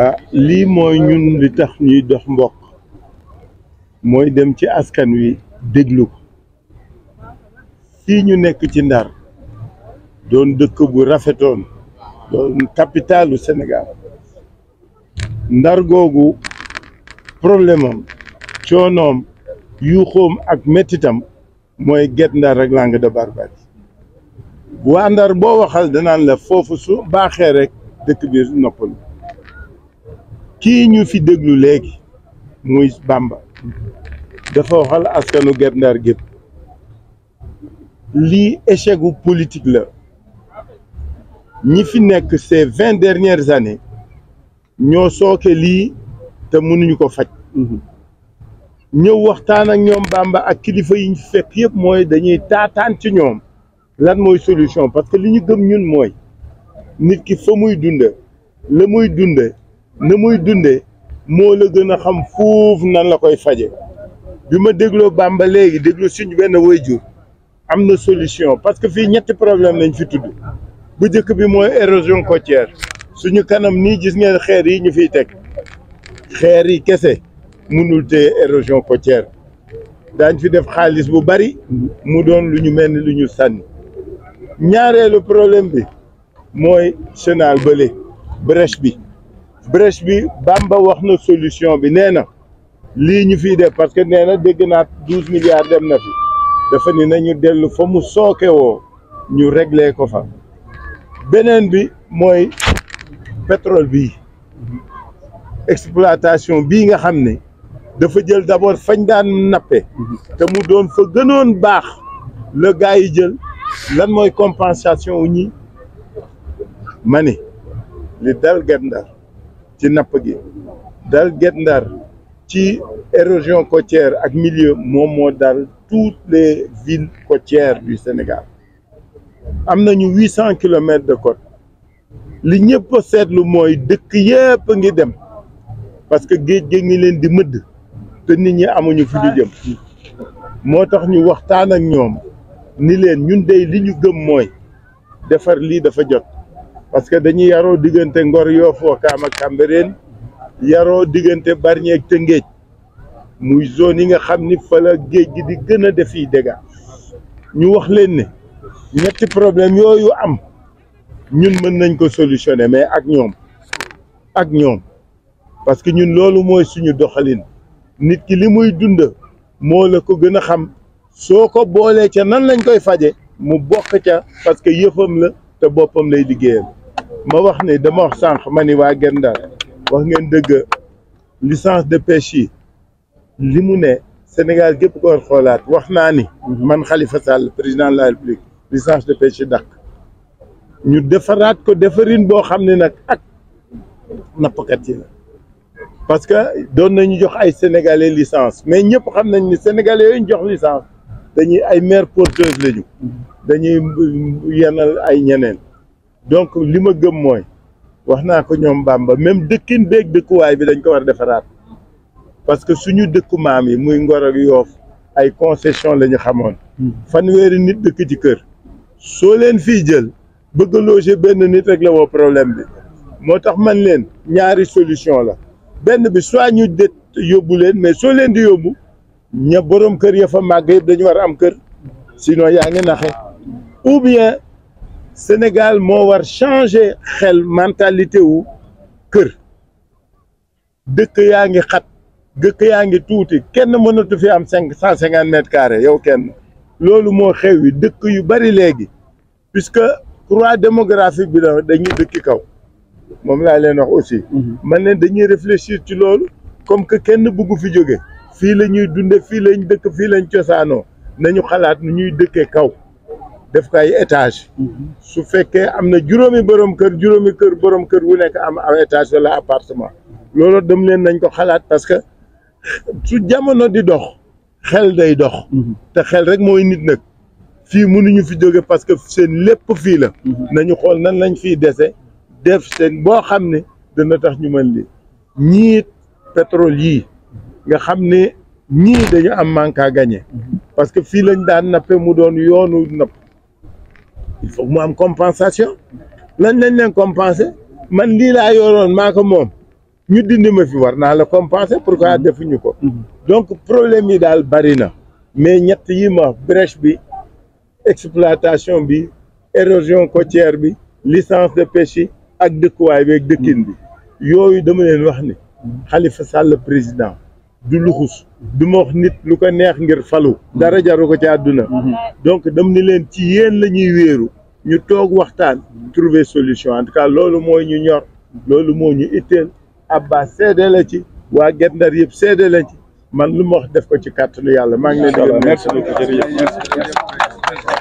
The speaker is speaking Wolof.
Ah, lii mooy ñun li tax ñuy dox mbokk mooy dem ci askan wi déglu ko fii ñu nekk ci Ndar doon dëkk bu rafetoon doon capitalu Sénégal Ndar googu problème am coonoom yuuxoom ak mettitam mooy Guet Ndar ak Langue de Barbarie waa Ndar boo waxal danaan la foofu su baaxee rek dëkk bi noppal kii ñu fi déglu léegi muy Bamba dafa waxal askanu Guet Ndar gépp lii échec gu la ñi fi nekk ces vingt dernières années ñoo sooke lii te mënuñu ko faj mhm. ñëw waxtaan ak ñoom Bamba ak kilifa yi ñu fekk yëpp mooy dañuy taataan ci ñoom lan une solution parce que li ñu gëm ñun moy nit ki fa muy dundé le a xam nan la koy faje bima Bamba légui déglu suñu solution parce que fi ñetti problème lañ fi tudd bu jëk bi érosion côtière suñu kanam gis ngeen yi ñu yi mënul érosion côtière fi def bu le problème bi moy chenal bële brèche bi brèche bi Bamba waxna solution bi néna li ñu fi def parce que néna dégg na 12 milliards dem na fi dafa ni nañu déllu fa mu soké wo ñu régler ko fa benen bi moy pétrole bi exploitation bi nga xamné dafa jël d'abord fañ daan nappe mhm. té mu doon fa gënon baax le gars yi jël lan moy compensation wu ñi mané li dal gendar ci nap gi dal gendar ci érosion côtière ak milieu moom dal toutes les villes côtières du Sénégal amna ñu 800 km de côte li ñepp sétlu moy dëkk yépp ngi dem parce que géej gi ngi leen di mëdd te nit ñi amuñu fi ñu jëm motax ñu waxtaan ak ñoom ni leen ñun dey li ñu gëm mooy defar lii dafa jot parce que dañuy yaroo diggante Ngor Yoff Ouakam ak Cambérène yaroo diggante Bargny ak Tëngéej muy zone yi nga xam ni fala géej gi di gën a def yi dégâts ñu wax leen ne ñetti problème yooyu am ñun mën nañ ko solutionner mais ak ñoom ak ñoom parce que ñun loolu mooy suñu doxalin nit ki li muy dund moo la ko gën a xam Si ko boolee nan lañ koy mu bokk faire parce que la te lay liggéeyal ma wax né dama wax wax licence de pêche Sénégal ko wax ni Khalifa Sall président de la République licence de pêche ñu ko parce que doon nañu jox sénégalais licence mais ñëpp xam nañ ni sénégalais ont licence dañuy ay mères porteuses lañu dañuy yenal ay ñeneen donc lima gëm moy waxna ko ñom Bamba même beek beeg dëkkuwaay bi dañ ko war a defaraat parce que suñu dëkku maam yi muy Ngor ak Yoof ay concession lañu xamone xamoon fanweeri nit dekk ci kër so leen fi jël bëgg loger ben nit rek la woo problème bi motax man leen ñaari solution la ben bi soit ñu dét yóbbu mais so leen di yóbbu ña borom kër ya fa màgg dañu war am kër sinon ya nga naxé ou bien Sénégal mo war changer xel mentalité wu kër dëkk ya nga xat dëkk ya nga touti kenn mënatu fi am 550 cent cinquante mètres carrés yow kenn lolu mo xew yi dëkk yu bari légui puisque croix démographique bi dañuy dëkki kaw mom la leen wax aussi mhm. man leen dañuy réfléchir ci lolu comme que kenn bëggu fi joggé fii la ñuy dunde fii lañ dëkk fii lañ cosaanoo nañu xalaat nu ñuy dëkkee kaw def ko ay étage mhm. su fekkee am na juróomi borom kër juróomi kër borom kër wu nekk am am étage wala appartement loolu dem leen nañ ko xalaat parce que su jamono di dox xel day dox mhm. te xel rek mooy nit nag fii mënuñu fi jóge parce que seen lépp fii la mhm. nañu xool nan lañ fi dese def seen boo xam ne dana tax ñu mën lii ñiit pétrole yii nga xam ni ñii dañu am manque à gagner parce que fii lañ daan nappe mu doon yoonu napp il faut mu am compensation lañ lañ leen compenser man lii laa yoroon maa ko moom ñu dindi ma fi war naa la compenser pourquoi mm-hmm. defuñu ko mm-hmm. donc problème yi daal bari na mais ñett yi ma brèche bi exploitation bi érosion côtière bi licence de pêche yi de dëkkuwaay bi ak dëkkin bi mm-hmm. yooyu dama leen wax ni Khalifa Sall président du luxus du ma wax nit lu ko neex ngir falu dara mhm. jaru ko ci àdduna mhm. donc dam ni leen ci yéen la ñuy ñu toog waxtaan trouver solution en tout cas loolu mooy ñu ñor loolu moo ñu itteel Abba seede la ci waa Guet Ndar yëpp la ci man lu ma wax def ko ci ngi merci beaucoup